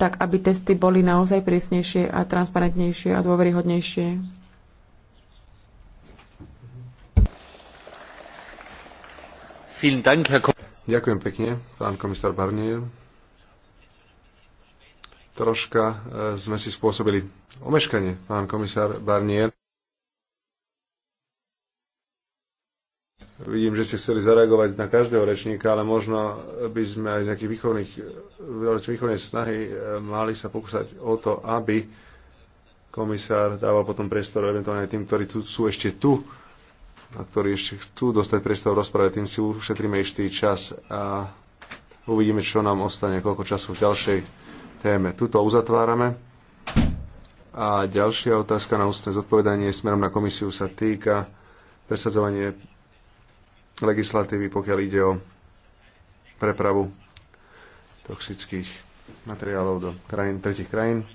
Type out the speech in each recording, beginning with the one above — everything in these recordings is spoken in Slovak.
tak aby testy boli naozaj prísnejšie a transparentnejšie a dôveryhodnejšie. Ďakujem pekne, pán komisár Barnier. Troška eh, sme si spôsobili omeškanie, pán komisár Barnier. Vidím, že ste chceli zareagovať na každého rečníka, ale možno by sme aj z nejakých výchovných, výchovnej snahy e, mali sa pokúsať o to, aby komisár dával potom priestor eventuálne aj tým, ktorí tu, sú ešte tu a ktorí ešte chcú dostať priestor v rozprave, tým si ušetríme ešte čas a uvidíme, čo nám ostane, koľko času v ďalšej téme. Tuto uzatvárame. A ďalšia otázka na ústne zodpovedanie smerom na komisiu sa týka presadzovanie legislatívy, pokiaľ ide o prepravu toxických materiálov do krajín, tretich krajín.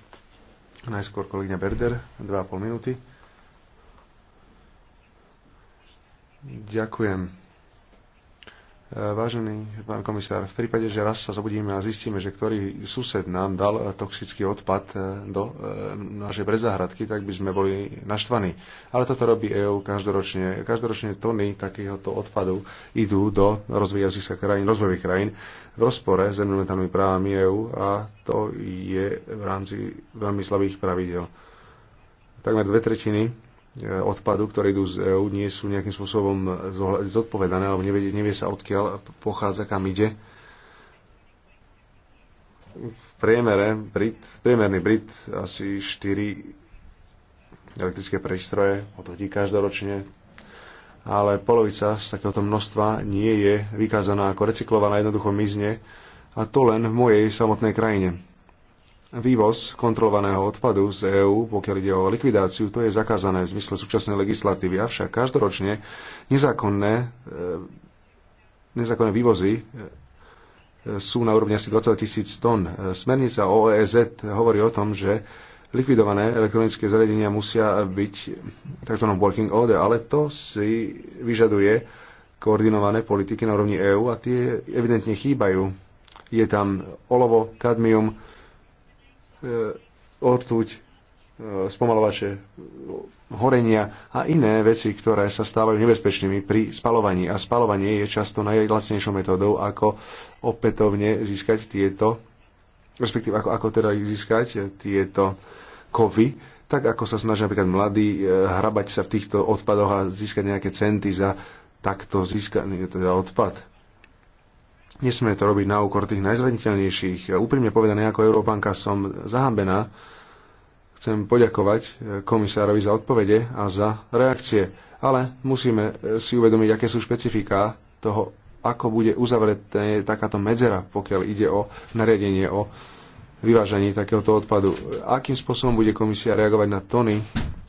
Najskôr kolegyňa Berder, 2,5 minúty. Ďakujem. Vážený pán komisár, v prípade, že raz sa zobudíme a zistíme, že ktorý sused nám dal eh, toxický odpad eh, do eh, našej brezahradky, tak by sme boli naštvaní. Ale toto robí EÚ každoročne. Každoročne tony takéhoto odpadu idú do rozvíjajúcich sa krajín, rozvojových krajín v rozpore s environmentálnymi právami EÚ a to je v rámci veľmi slabých pravidel. Takmer dve tretiny E, odpadu, ktoré idú z EÚ, nie sú nejakým spôsobom zodpovedané, alebo nevie, nevie sa odkiaľ pochádza, kam ide. V priemere, Brit, priemerný Brit asi 4 elektrické prístroje odhodí každoročne, ale polovica z takéhoto množstva nie je vykázaná ako recyklovaná, jednoducho mizne a to len v mojej samotnej krajine Vývoz kontrolovaného odpadu z EÚ, pokiaľ ide o likvidáciu, to je zakázané v zmysle súčasnej legislatívy. Avšak každoročne nezákonné, e, nezákonné vývozy e, sú na úrovni asi 20 tisíc tón. E, smernica OEZ hovorí o tom, že likvidované elektronické zariadenia musia byť tzv. working order, ale to si vyžaduje koordinované politiky na úrovni EÚ a tie evidentne chýbajú. Je tam olovo, kadmium, E, ortuť, e, spomalovače horenia a iné veci, ktoré sa stávajú nebezpečnými pri spalovaní. A spalovanie je často najlacnejšou metódou, ako opätovne získať tieto, respektíve ako, ako teda získať tieto kovy, tak ako sa snaží napríklad mladí e, hrabať sa v týchto odpadoch a získať nejaké centy za takto získaný teda odpad Nesmie to robiť na úkor tých najzraniteľnejších. E, úprimne povedané, ako Európanka som zahambená. Chcem poďakovať e, komisárovi za odpovede a za reakcie. Ale musíme e, si uvedomiť, aké sú špecifiká toho, ako bude uzavretá takáto medzera, pokiaľ ide o nariadenie o vyvážaní takéhoto odpadu. Akým spôsobom bude komisia reagovať na tony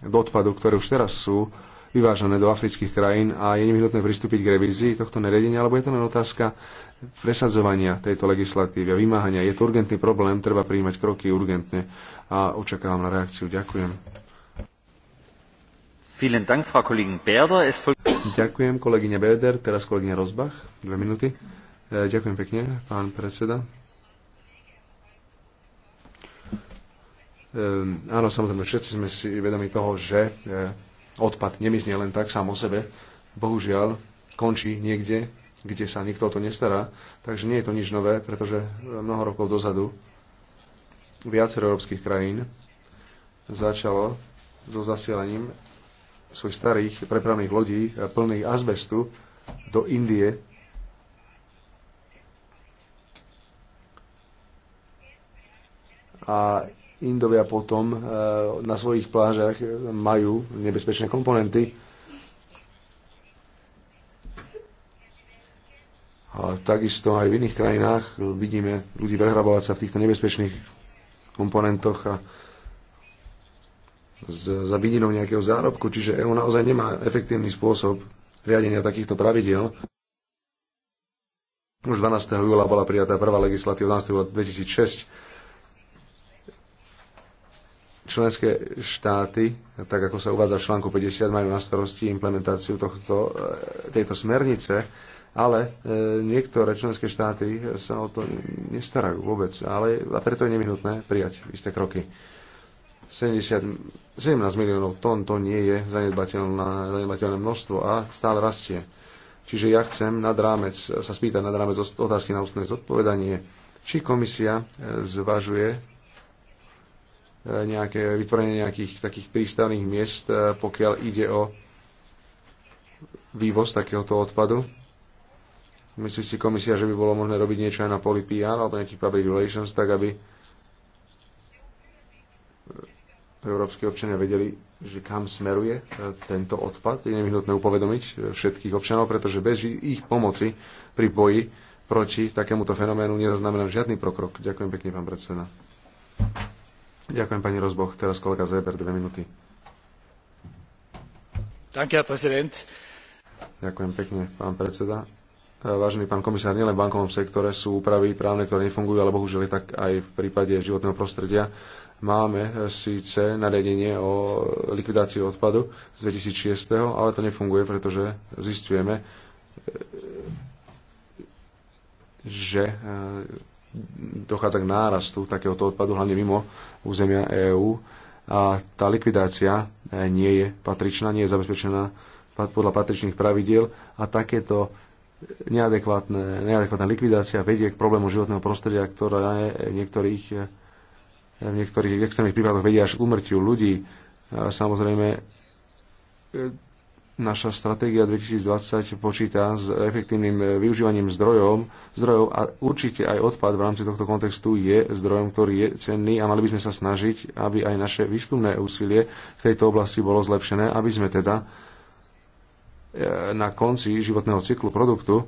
do odpadu, ktoré už teraz sú vyvážané do afrických krajín a je nevyhnutné pristúpiť k revízii tohto nariadenia, alebo je to len otázka presadzovania tejto legislatívy a vymáhania. Je to urgentný problém, treba príjmať kroky urgentne a očakávam na reakciu. Ďakujem. Ďakujem, kolegyňa Berder. Teraz kolegyňa Rozbach. Dve minúty. E, ďakujem pekne, pán predseda. E, áno, samozrejme, všetci sme si vedomi toho, že e, odpad nemiznie len tak sám o sebe. Bohužiaľ, končí niekde kde sa nikto o to nestará. Takže nie je to nič nové, pretože mnoho rokov dozadu viacero európskych krajín začalo so zasielaním svojich starých prepravných lodí eh, plných azbestu do Indie. A Indovia potom eh, na svojich plážach majú nebezpečné komponenty, A takisto aj v iných krajinách vidíme ľudí prehrabovať sa v týchto nebezpečných komponentoch a z, za vidinou nejakého zárobku, čiže EU naozaj nemá efektívny spôsob riadenia takýchto pravidiel. Už 12. júla bola prijatá prvá legislatíva 12. júla 2006. Členské štáty, tak ako sa uvádza v článku 50, majú na starosti implementáciu tohto, e, tejto smernice ale e, niektoré členské štáty sa o to nestarajú vôbec, ale a preto je nevyhnutné prijať isté kroky. 70, 17 miliónov tón to nie je zanedbateľné množstvo a stále rastie. Čiže ja chcem nad rámec, sa spýtať nad rámec otázky na ústne zodpovedanie, či komisia e, zvažuje e, nejaké, vytvorenie nejakých takých prístavných miest, pokiaľ ide o vývoz takéhoto odpadu Myslí si komisia, že by bolo možné robiť niečo aj na poli PR alebo nejakých public relations, tak aby európsky občania vedeli, že kam smeruje e, tento odpad. Je nevyhnutné upovedomiť e, všetkých občanov, pretože bez ich pomoci pri boji proti takémuto fenoménu nezaznamenám žiadny pokrok. Ďakujem pekne, pán predseda. Ďakujem, pani Rozboch. Teraz kolega Zeber, dve minúty. Ďakujem pekne, pán predseda. Vážený pán komisár, nielen v bankovom sektore sú úpravy právne, ktoré nefungujú, ale bohužiaľ je tak aj v prípade životného prostredia. Máme e, síce nariadenie o likvidácii odpadu z 2006, ale to nefunguje, pretože zistujeme, e, že e, dochádza k nárastu takéhoto odpadu, hlavne mimo územia EÚ. A tá likvidácia nie je patričná, nie je zabezpečená podľa patričných pravidiel a takéto neadekvátna likvidácia vedie k problému životného prostredia, ktorá je v niektorých, v niektorých extrémnych prípadoch vedie až k umrtiu ľudí. Samozrejme, naša stratégia 2020 počíta s efektívnym využívaním zdrojov, zdrojov a určite aj odpad v rámci tohto kontextu je zdrojom, ktorý je cenný a mali by sme sa snažiť, aby aj naše výskumné úsilie v tejto oblasti bolo zlepšené, aby sme teda na konci životného cyklu produktu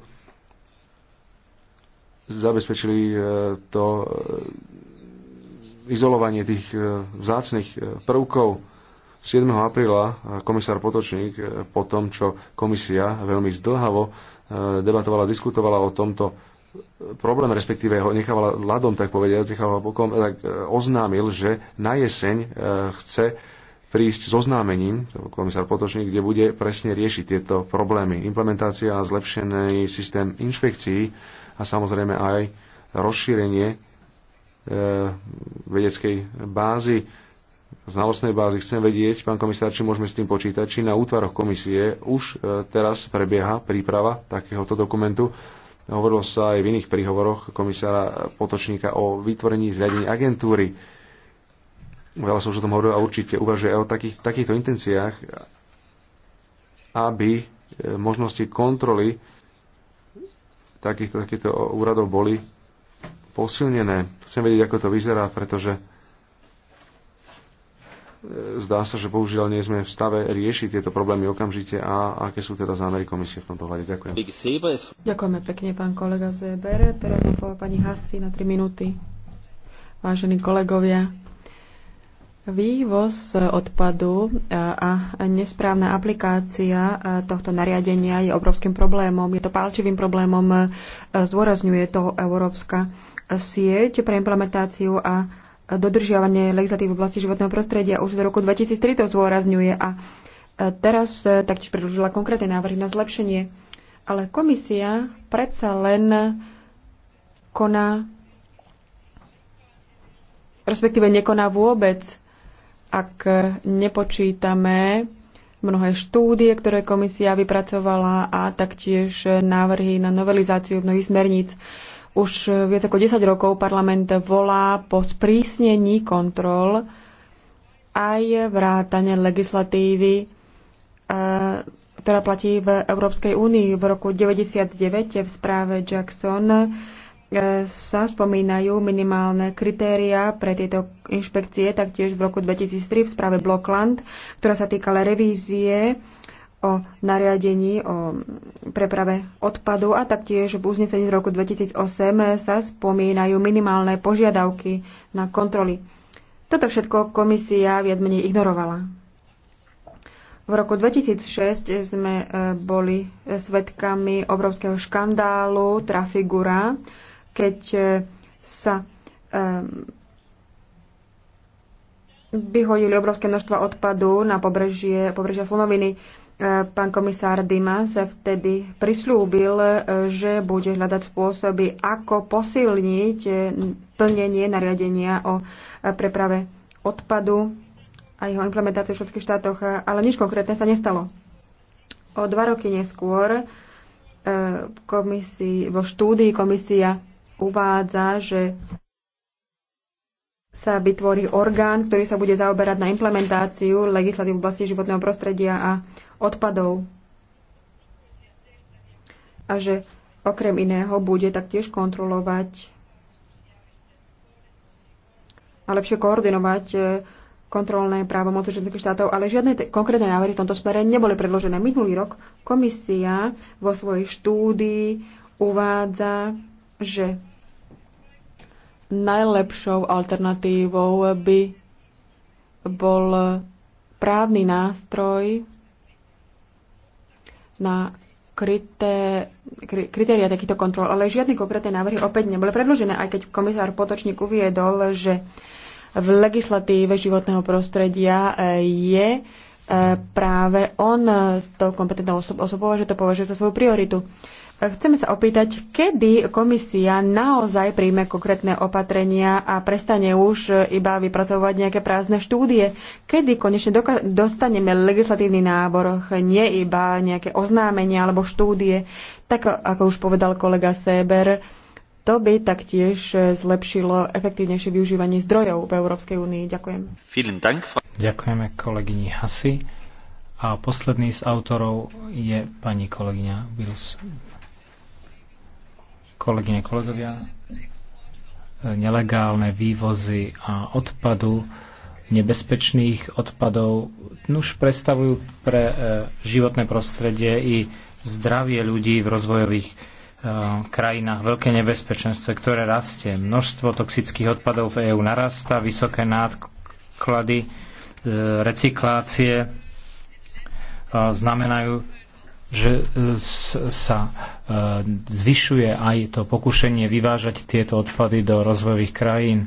zabezpečili e, to e, izolovanie tých e, vzácnych prvkov. 7. apríla komisár Potočník po tom, čo komisia veľmi zdlhavo debatovala, diskutovala o tomto problém, respektíve ho nechávala ľadom, tak povediať, nechávala bokom, tak oznámil, že na jeseň chce prísť s oznámením, komisár Potočník, kde bude presne riešiť tieto problémy. Implementácia a zlepšený systém inšpekcií a samozrejme aj rozšírenie e, vedeckej bázy, znalostnej bázy. Chcem vedieť, pán komisár, či môžeme s tým počítať, či na útvaroch komisie už e, teraz prebieha príprava takéhoto dokumentu. Hovorilo sa aj v iných príhovoroch komisára Potočníka o vytvorení zriadení agentúry veľa som už o tom hovoril a určite uvažuje aj o takých, takýchto intenciách, aby e, možnosti kontroly takýchto, takýchto úradov boli posilnené. Chcem vedieť, ako to vyzerá, pretože e, zdá sa, že bohužiaľ nie sme v stave riešiť tieto problémy okamžite a aké sú teda zámery komisie v tomto hľade. Ďakujem. Ďakujeme pekne, pán kolega Zeber. Teraz má slovo pani Hasi na 3 minúty. Vážení kolegovia, Vývoz e, odpadu e, a nesprávna aplikácia e, tohto nariadenia je obrovským problémom. Je to pálčivým problémom. Zdôrazňuje to Európska sieť pre implementáciu a dodržiavanie legislatívy v oblasti životného prostredia. Už do roku 2003 to zdôrazňuje a teraz taktiež predložila konkrétne návrhy na zlepšenie. Ale komisia predsa len koná respektíve nekoná vôbec ak nepočítame mnohé štúdie, ktoré komisia vypracovala a taktiež návrhy na novelizáciu mnohých smerníc. Už viac ako 10 rokov parlament volá po sprísnení kontrol aj vrátane legislatívy, e, ktorá platí v Európskej únii. V roku 1999 v správe Jackson E, sa spomínajú minimálne kritéria pre tieto inšpekcie, taktiež v roku 2003 v správe Blockland, ktorá sa týkala revízie o nariadení o preprave odpadu a taktiež v uznesení z roku 2008 sa spomínajú minimálne požiadavky na kontroly. Toto všetko komisia viac menej ignorovala. V roku 2006 sme e, boli svetkami obrovského škandálu Trafigura, keď e, sa vyhodili obrovské množstva odpadu na pobrežie, pobrežia Slonoviny. E, pán komisár Dima sa vtedy prislúbil, e, že bude hľadať spôsoby, ako posilniť plnenie nariadenia o preprave odpadu a jeho implementáciu v všetkých štátoch, ale nič konkrétne sa nestalo. O dva roky neskôr komisii, vo štúdii komisia uvádza, že sa vytvorí orgán, ktorý sa bude zaoberať na implementáciu legislatív v oblasti životného prostredia a odpadov. A že okrem iného bude taktiež kontrolovať a lepšie koordinovať e, kontrolné právomoci členských štátov, ale žiadne konkrétne návrhy v tomto smere neboli predložené. Minulý rok komisia vo svojej štúdii uvádza, že najlepšou alternatívou by bol právny nástroj na kryté, kri, kritéria takýchto kontrol, ale žiadne konkrétne návrhy opäť neboli predložené, aj keď komisár Potočník uviedol, že v legislatíve životného prostredia e, je e, práve on to kompetentnou osobou, že to považuje za svoju prioritu. Chceme sa opýtať, kedy komisia naozaj príjme konkrétne opatrenia a prestane už e, iba vypracovať nejaké prázdne štúdie. Kedy konečne dostaneme legislatívny nábor, nie iba nejaké oznámenia alebo štúdie. Tak e, ako už povedal kolega Seber, to by taktiež e, zlepšilo efektívnejšie využívanie zdrojov v Európskej únii. Ďakujem. Ďakujeme kolegyni Hasi. A posledný z autorov je pani kolegyňa Wills. Kolegyne, kolegovia, nelegálne vývozy a odpadu, nebezpečných odpadov, už predstavujú pre e, životné prostredie i zdravie ľudí v rozvojových e, krajinách veľké nebezpečenstvo, ktoré rastie. Množstvo toxických odpadov v EÚ narasta, vysoké náklady e, recyklácie znamenajú že e, sa e, zvyšuje aj to pokušenie vyvážať tieto odpady do rozvojových krajín.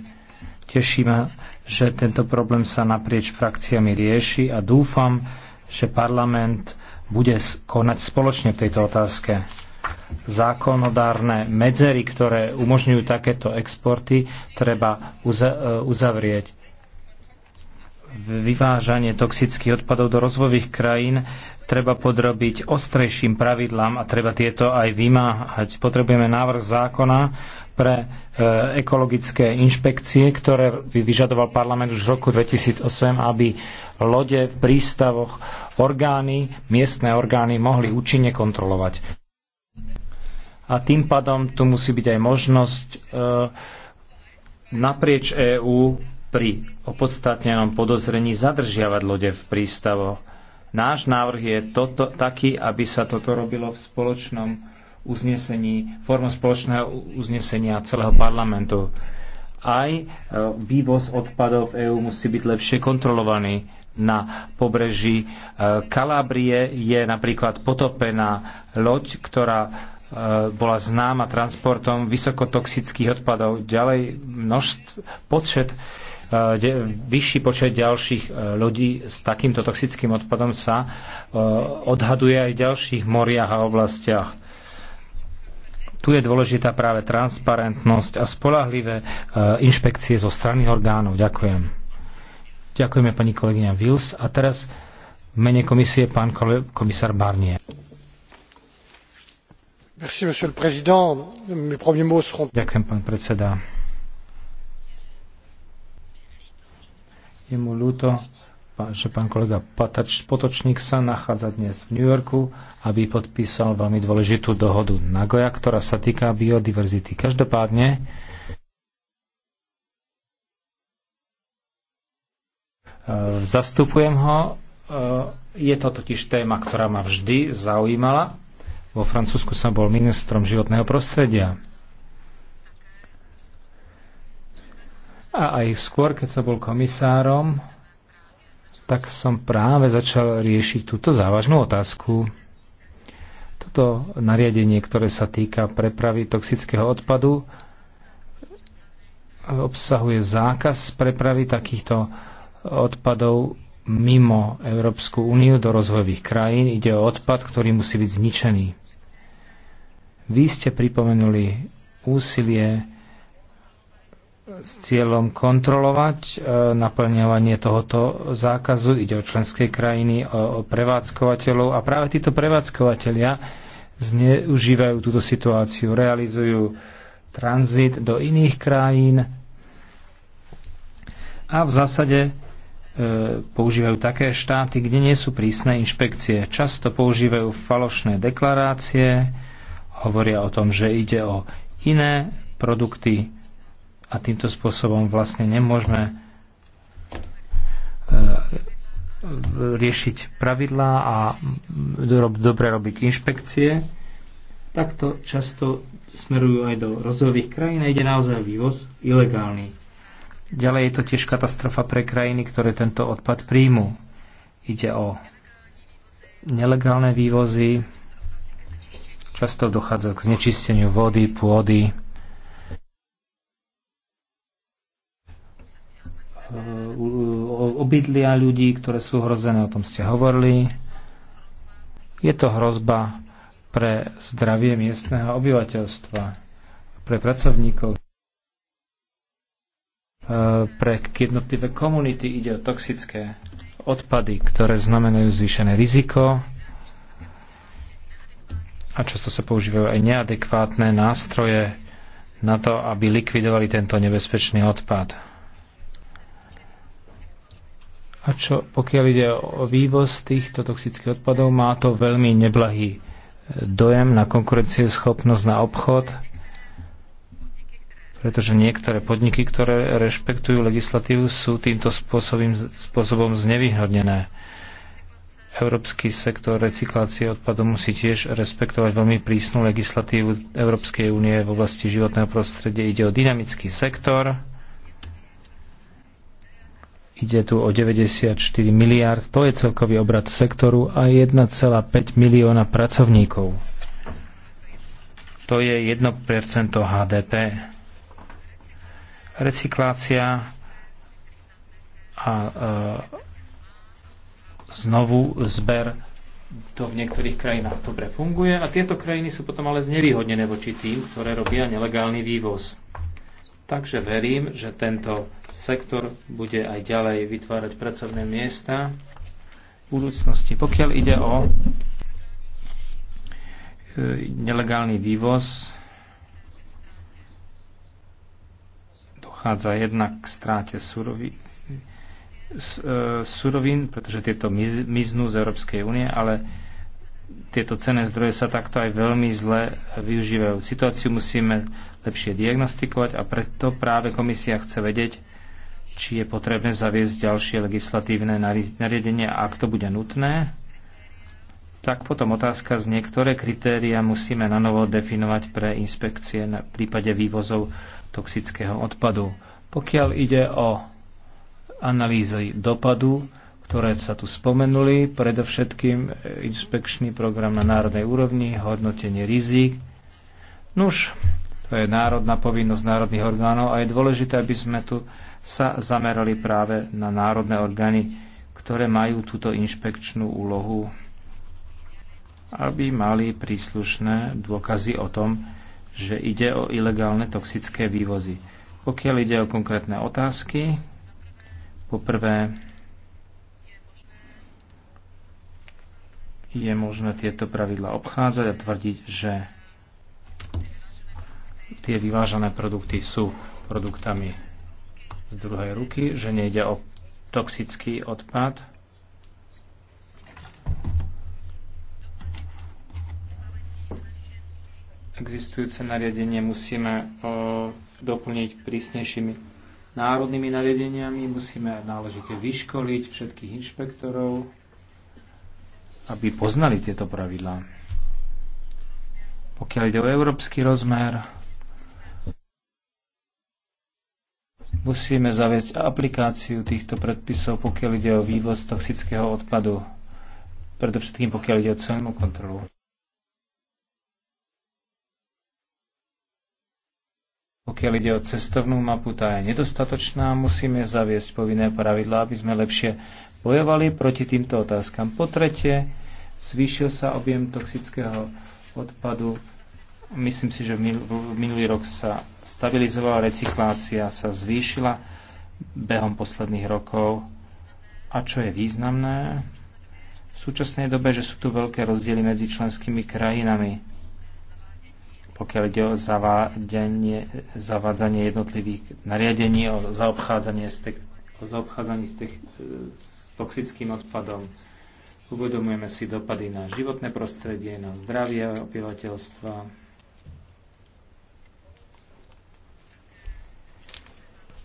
Teší ma, že tento problém sa naprieč frakciami rieši a dúfam, že parlament bude konať spoločne v tejto otázke. Zákonodárne medzery, ktoré umožňujú takéto exporty, treba e, uzavrieť vyvážanie toxických odpadov do rozvojových krajín treba podrobiť ostrejším pravidlám a treba tieto aj vymáhať. Potrebujeme návrh zákona pre e, ekologické inšpekcie, ktoré by vyžadoval parlament už v roku 2008, aby lode v prístavoch orgány, miestne orgány mohli účinne kontrolovať. A tým pádom tu musí byť aj možnosť e, naprieč EÚ pri opodstatnenom podozrení zadržiavať lode v prístavoch Náš návrh je toto, taký, aby sa toto robilo v spoločnom uznesení, formou spoločného uznesenia celého parlamentu. Aj e, vývoz odpadov v EÚ musí byť lepšie kontrolovaný. Na pobreží e, Kalábrie je napríklad potopená loď, ktorá e, bola známa transportom vysokotoxických odpadov. Ďalej množstv, počet E, vyšší počet ďalších e, ľudí s takýmto toxickým odpadom sa e, odhaduje aj v ďalších moriach a oblastiach. Tu je dôležitá práve transparentnosť a spolahlivé inšpekcie zo strany orgánov. Ďakujem. Ďakujeme pani kolegyňa Wills. A teraz v mene komisie pán komisár Barnier. Merci, monsieur le président. Mes premiers mots seront... Ďakujem, pán predseda Je mu ľúto, že pán kolega Patač, Potočník sa nachádza dnes v New Yorku, aby podpísal veľmi dôležitú dohodu Nagoya, ktorá sa týka biodiverzity. Každopádne e, zastupujem ho. E, je to totiž téma, ktorá ma vždy zaujímala. Vo Francúzsku som bol ministrom životného prostredia a aj skôr, keď som bol komisárom, tak som práve začal riešiť túto závažnú otázku. Toto nariadenie, ktoré sa týka prepravy toxického odpadu, obsahuje zákaz prepravy takýchto odpadov mimo Európsku úniu do rozvojových krajín. Ide o odpad, ktorý musí byť zničený. Vy ste pripomenuli úsilie s cieľom kontrolovať e, naplňovanie tohoto zákazu. Ide o členské krajiny, o, o prevádzkovateľov a práve títo prevádzkovateľia zneužívajú túto situáciu, realizujú tranzit do iných krajín a v zásade e, používajú také štáty, kde nie sú prísne inšpekcie. Často používajú falošné deklarácie, hovoria o tom, že ide o iné produkty a týmto spôsobom vlastne nemôžeme e, riešiť pravidlá a dobre robiť inšpekcie. Takto často smerujú aj do rozvojových krajín a ide naozaj vývoz ilegálny. Ďalej je to tiež katastrofa pre krajiny, ktoré tento odpad príjmu. Ide o nelegálne vývozy, často dochádza k znečisteniu vody, pôdy, obydlia ľudí, ktoré sú hrozené, o tom ste hovorili. Je to hrozba pre zdravie miestneho obyvateľstva, pre pracovníkov, e, pre jednotlivé komunity ide o toxické odpady, ktoré znamenajú zvýšené riziko a často sa používajú aj neadekvátne nástroje na to, aby likvidovali tento nebezpečný odpad. A čo pokiaľ ide o vývoz týchto toxických odpadov, má to veľmi neblahý e, dojem na konkurencieschopnosť, na obchod, pretože niektoré podniky, ktoré rešpektujú legislatívu, sú týmto spôsobom, spôsobom znevýhodnené. Európsky sektor recyklácie odpadu musí tiež respektovať veľmi prísnu legislatívu Európskej únie v oblasti životného prostredia. Ide o dynamický sektor, Ide tu o 94 miliárd, to je celkový obrad sektoru a 1,5 milióna pracovníkov. To je 1% HDP. Recyklácia a e, znovu zber to v niektorých krajinách dobre funguje a tieto krajiny sú potom ale znevýhodnené voči tým, ktoré robia nelegálny vývoz. Takže verím, že tento sektor bude aj ďalej vytvárať pracovné miesta v budúcnosti. Pokiaľ ide o e, nelegálny vývoz, dochádza jednak k stráte surovín, e, surovín pretože tieto miznú z Európskej únie, ale tieto cenné zdroje sa takto aj veľmi zle využívajú. Situáciu musíme lepšie diagnostikovať a preto práve komisia chce vedieť, či je potrebné zaviesť ďalšie legislatívne nariadenie a ak to bude nutné, tak potom otázka z niektoré kritéria musíme na novo definovať pre inspekcie na prípade vývozov toxického odpadu. Pokiaľ ide o analýzy dopadu, ktoré sa tu spomenuli, predovšetkým inspekčný program na národnej úrovni, hodnotenie rizík. Nuž, to je národná povinnosť národných orgánov a je dôležité, aby sme tu sa zamerali práve na národné orgány, ktoré majú túto inšpekčnú úlohu, aby mali príslušné dôkazy o tom, že ide o ilegálne toxické vývozy. Pokiaľ ide o konkrétne otázky, poprvé je možné tieto pravidla obchádzať a tvrdiť, že tie vyvážané produkty sú produktami z druhej ruky, že nejde o toxický odpad. Existujúce nariadenie musíme doplniť prísnejšími národnými nariadeniami, musíme náležite vyškoliť všetkých inšpektorov, aby poznali tieto pravidlá. Pokiaľ ide o európsky rozmer, Musíme zaviesť aplikáciu týchto predpisov, pokiaľ ide o vývoz toxického odpadu, predovšetkým pokiaľ ide o celnú kontrolu. Pokiaľ ide o cestovnú mapu, tá je nedostatočná, musíme zaviesť povinné pravidlá, aby sme lepšie bojovali proti týmto otázkam. Po tretie, zvýšil sa objem toxického odpadu Myslím si, že minulý rok sa stabilizovala, recyklácia sa zvýšila behom posledných rokov. A čo je významné? V súčasnej dobe, že sú tu veľké rozdiely medzi členskými krajinami, pokiaľ ide o zavádzanie, zavádzanie jednotlivých nariadení, o zaobchádzanie s, te, o zaobchádzanie s, te, s toxickým odpadom. Uvedomujeme si dopady na životné prostredie, na zdravie obyvateľstva,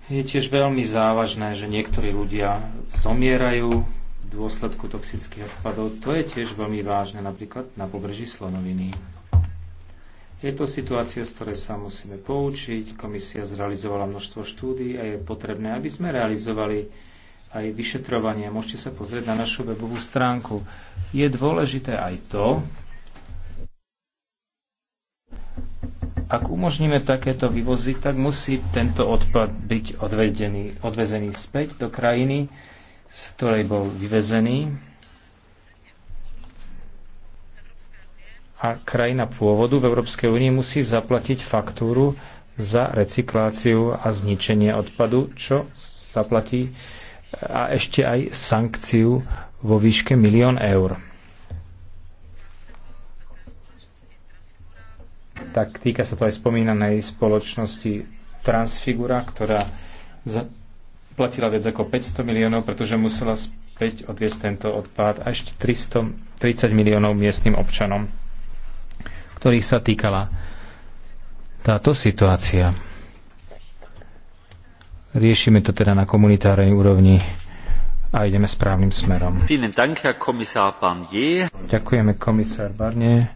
Je tiež veľmi závažné, že niektorí ľudia zomierajú v dôsledku toxických odpadov. To je tiež veľmi vážne napríklad na pobreží Slonoviny. Je to situácia, z ktorej sa musíme poučiť. Komisia zrealizovala množstvo štúdí a je potrebné, aby sme realizovali aj vyšetrovanie. Môžete sa pozrieť na našu webovú stránku. Je dôležité aj to, Ak umožníme takéto vyvozy, tak musí tento odpad byť odvedený, odvezený späť do krajiny, z ktorej bol vyvezený. A krajina pôvodu v Európskej únii musí zaplatiť faktúru za recikláciu a zničenie odpadu, čo zaplatí a ešte aj sankciu vo výške milión eur. tak týka sa to aj spomínanej spoločnosti Transfigura, ktorá platila viac ako 500 miliónov, pretože musela späť odviesť tento odpad až 330 miliónov miestnym občanom, ktorých sa týkala táto situácia. Riešime to teda na komunitárnej úrovni a ideme správnym smerom. Ďakujeme komisár Barnier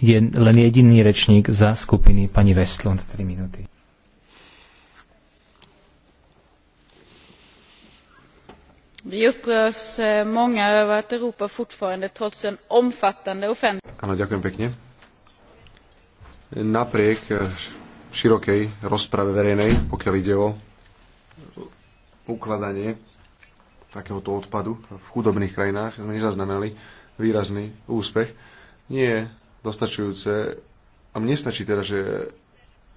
je len jediný rečník za skupiny pani Westlund 3 minúty. Vi upprörs eh, många över att Europa fortfarande trots en omfattande offentlig... Áno, ďakujem pekne. Napriek eh, širokej rozprave verejnej, pokiaľ ide o ukladanie takéhoto odpadu v chudobných krajinách, sme nezaznamenali výrazný úspech. Nie dostačujúce. A mne stačí teda, že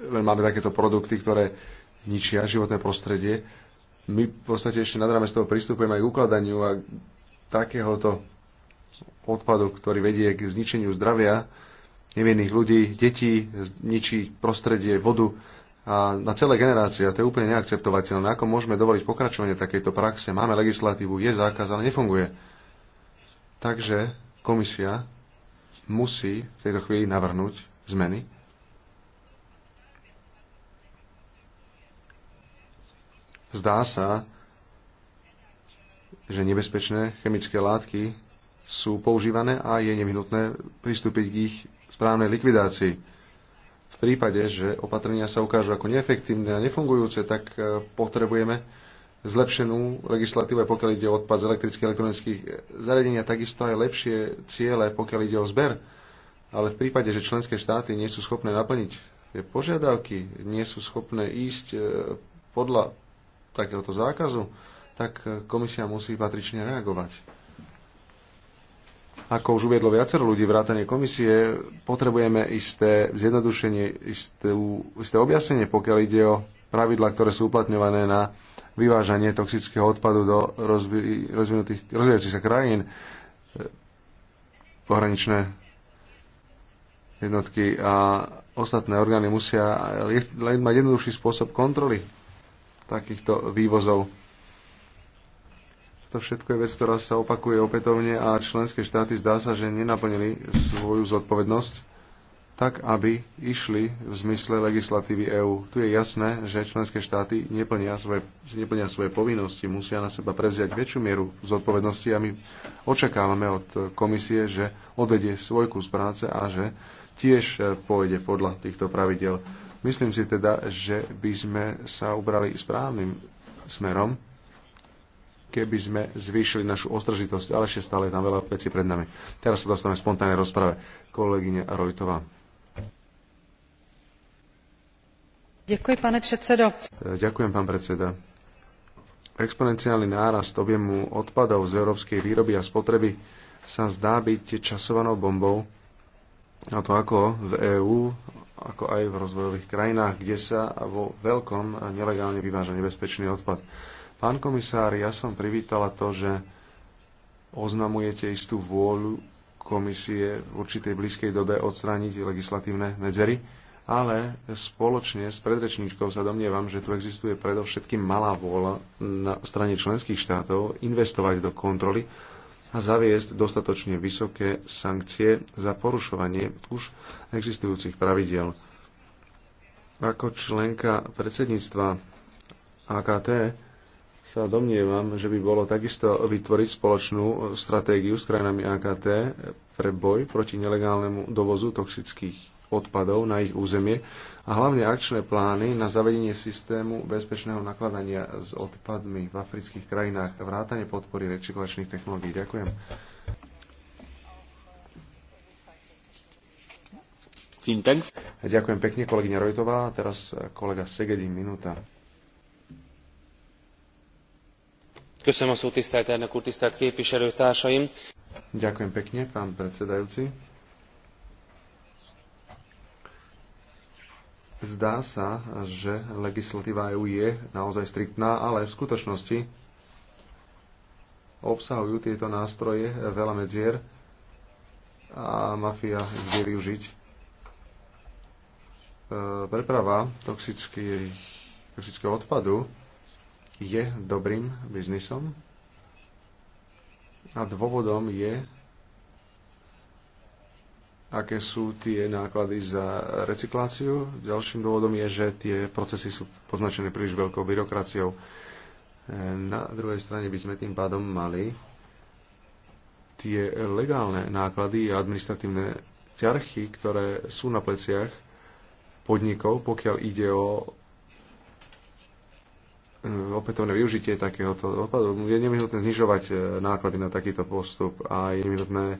len máme takéto produkty, ktoré ničia životné prostredie. My v podstate ešte nad rámec toho pristupujeme aj k ukladaniu a takéhoto odpadu, ktorý vedie k zničeniu zdravia nevinných ľudí, detí, ničí prostredie, vodu a na celé generácie. A to je úplne neakceptovateľné. Ako môžeme dovoliť pokračovanie takejto praxe? Máme legislatívu, je zákaz, ale nefunguje. Takže komisia musí v tejto chvíli navrhnúť zmeny. Zdá sa, že nebezpečné chemické látky sú používané a je nevyhnutné pristúpiť k ich správnej likvidácii. V prípade, že opatrenia sa ukážu ako neefektívne a nefungujúce, tak eh, potrebujeme zlepšenú legislatívu, aj pokiaľ ide o odpad z elektrických elektronických eh, zariadení a takisto aj lepšie ciele, pokiaľ ide o zber. Ale v prípade, že členské štáty nie sú schopné naplniť tie požiadavky, nie sú schopné ísť eh, podľa takéhoto zákazu, tak eh, komisia musí patrične reagovať. Ako už uviedlo viacero ľudí vrátanie komisie, potrebujeme isté zjednodušenie, isté, isté objasnenie, pokiaľ ide o pravidlá, ktoré sú uplatňované na vyvážanie toxického odpadu do rozvi- rozvinutých, rozvíjajúcich sa krajín, eh, pohraničné jednotky a ostatné orgány musia len mať jednoduchší spôsob kontroly takýchto vývozov. To všetko je vec, ktorá sa opakuje opätovne a členské štáty zdá sa, že nenaplnili svoju zodpovednosť tak aby išli v zmysle legislatívy EÚ. Tu je jasné, že členské štáty neplnia svoje, neplnia svoje povinnosti, musia na seba prevziať väčšiu mieru zodpovednosti a my očakávame od komisie, že odvedie svoj kus práce a že tiež pôjde podľa týchto pravidel. Myslím si teda, že by sme sa ubrali správnym smerom, keby sme zvýšili našu ostražitosť, ale ešte stále je tam veľa vecí pred nami. Teraz sa dostávame spontánnej rozprave. Kolegyňa Rojtová. Ďakujem, pán predseda. Exponenciálny nárast objemu odpadov z európskej výroby a spotreby sa zdá byť časovanou bombou, a to ako v EÚ, ako aj v rozvojových krajinách, kde sa vo veľkom nelegálne vyváža nebezpečný odpad. Pán komisár, ja som privítala to, že oznamujete istú vôľu komisie v určitej blízkej dobe odstrániť legislatívne medzery ale spoločne s predrečníčkou sa domnievam, že tu existuje predovšetkým malá vôľa na strane členských štátov investovať do kontroly a zaviesť dostatočne vysoké sankcie za porušovanie už existujúcich pravidiel. Ako členka predsedníctva AKT sa domnievam, že by bolo takisto vytvoriť spoločnú stratégiu s krajinami AKT pre boj proti nelegálnemu dovozu toxických odpadov na ich územie a hlavne akčné plány na zavedenie systému bezpečného nakladania s odpadmi v afrických krajinách a vrátanie podpory recyklačných technológií. Ďakujem. Ďakujem pekne, kolegyňa Rojtová. Teraz kolega Segedin, minúta. Köszönöm a szót, tisztelt elnök úr, tisztelt képviselőtársaim. Ďakujem pekne, pán predsedajúci Zdá sa, že legislatíva EU je naozaj striktná, ale v skutočnosti obsahujú tieto nástroje veľa medzier a mafia vie využiť. E, preprava toxického odpadu je dobrým biznisom a dôvodom je aké sú tie náklady za recykláciu. Ďalším dôvodom je, že tie procesy sú poznačené príliš veľkou byrokraciou. E, na druhej strane by sme tým pádom mali tie legálne náklady a administratívne ťarchy, ktoré sú na pleciach podnikov, pokiaľ ide o e, opätovné využitie takéhoto odpadu. Je nevyhnutné znižovať e, náklady na takýto postup a je nevyhnutné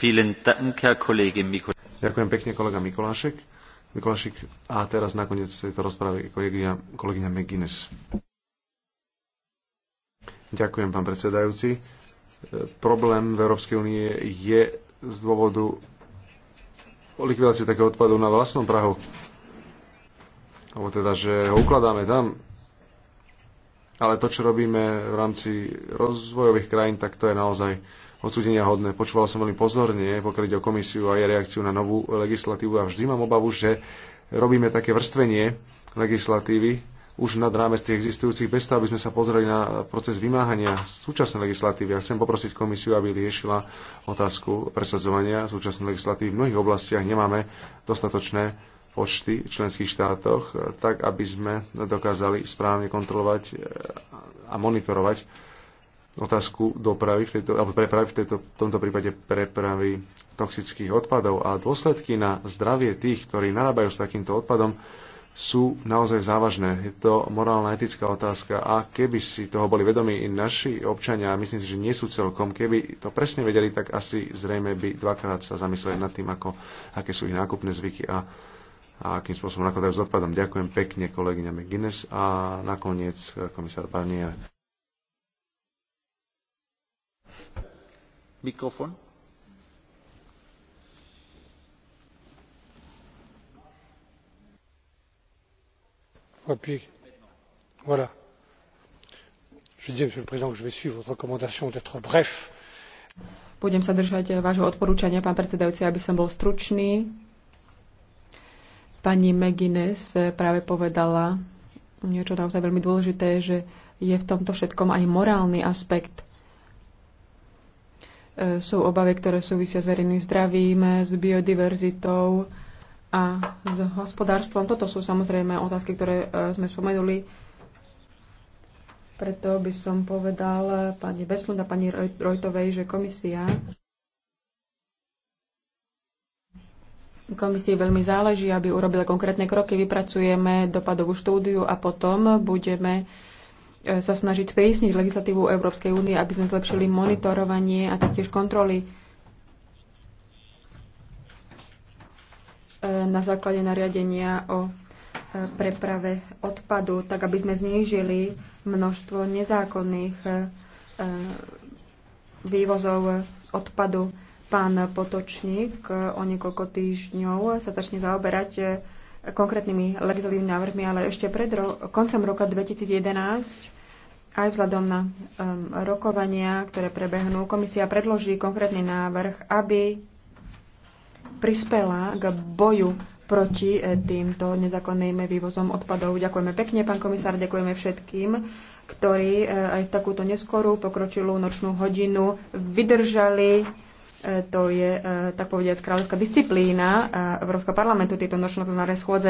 Ďakujem pekne, kolega Mikolášek. Mikolášik. A teraz nakoniec tejto rozprávy kolegyňa, kolegyňa McGuinness. Ďakujem, pán predsedajúci. E, problém v Európskej únie je z dôvodu likvidácie takého odpadu na vlastnom Prahu. Alebo teda, že ho ukladáme tam, ale to, čo robíme v rámci rozvojových krajín, tak to je naozaj odsudenia hodné. Počúval som veľmi pozorne, pokiaľ ide o komisiu a jej reakciu na novú legislatívu a vždy mám obavu, že robíme také vrstvenie legislatívy už nad rámec tých existujúcich, bez toho, aby sme sa pozreli na proces vymáhania súčasnej legislatívy. A chcem poprosiť komisiu, aby riešila otázku presadzovania súčasnej legislatívy. V mnohých oblastiach nemáme dostatočné počty v členských štátoch, tak aby sme dokázali správne kontrolovať a monitorovať otázku dopravy, v tejto, alebo prepravy, v, tejto, v tomto prípade prepravy toxických odpadov a dôsledky na zdravie tých, ktorí narábajú s takýmto odpadom, sú naozaj závažné. Je to morálna etická otázka a keby si toho boli vedomí i naši občania, a myslím si, že nie sú celkom, keby to presne vedeli, tak asi zrejme by dvakrát sa zamysleli nad tým, ako, aké sú ich nákupné zvyky a, a akým spôsobom nakladajú s odpadom. Ďakujem pekne kolegyňa McGuinness a nakoniec eh, komisár Barnier. Je disais, Monsieur le Président, que je vais suivre votre recommandation d'être bref. Budem sa držať eh, vášho odporúčania, pán predsedajúci, aby som bol stručný. Pani McGuinness eh, práve povedala niečo mm, naozaj veľmi dôležité, že je v tomto všetkom aj morálny aspekt sú obavy, ktoré súvisia s verejným zdravím, s biodiverzitou a s hospodárstvom. Toto sú samozrejme otázky, ktoré e, sme spomenuli. Preto by som povedal pani Besmund a pani Rojtovej, že komisia Komisii veľmi záleží, aby urobila konkrétne kroky. Vypracujeme dopadovú štúdiu a potom budeme E, sa snažiť prísniť legislatívu Európskej únie, aby sme zlepšili monitorovanie a taktiež kontroly e, na základe nariadenia o e, preprave odpadu, tak aby sme znížili množstvo nezákonných vývozov odpadu. Pán Potočník o niekoľko týždňov sa začne zaoberať konkrétnymi legislatívnymi návrhmi, ale ešte pred ro- koncom roka 2011 aj vzhľadom na um, rokovania, ktoré prebehnú, komisia predloží konkrétny návrh, aby prispela k boju proti e, týmto nezákonným vývozom odpadov. Ďakujeme pekne, pán komisár, ďakujeme všetkým, ktorí e, aj v takúto neskorú pokročilú nočnú hodinu vydržali E, to je, e, tak povediať, kráľovská disciplína e, Európskeho parlamentu, tieto nočnokonárne schôdze.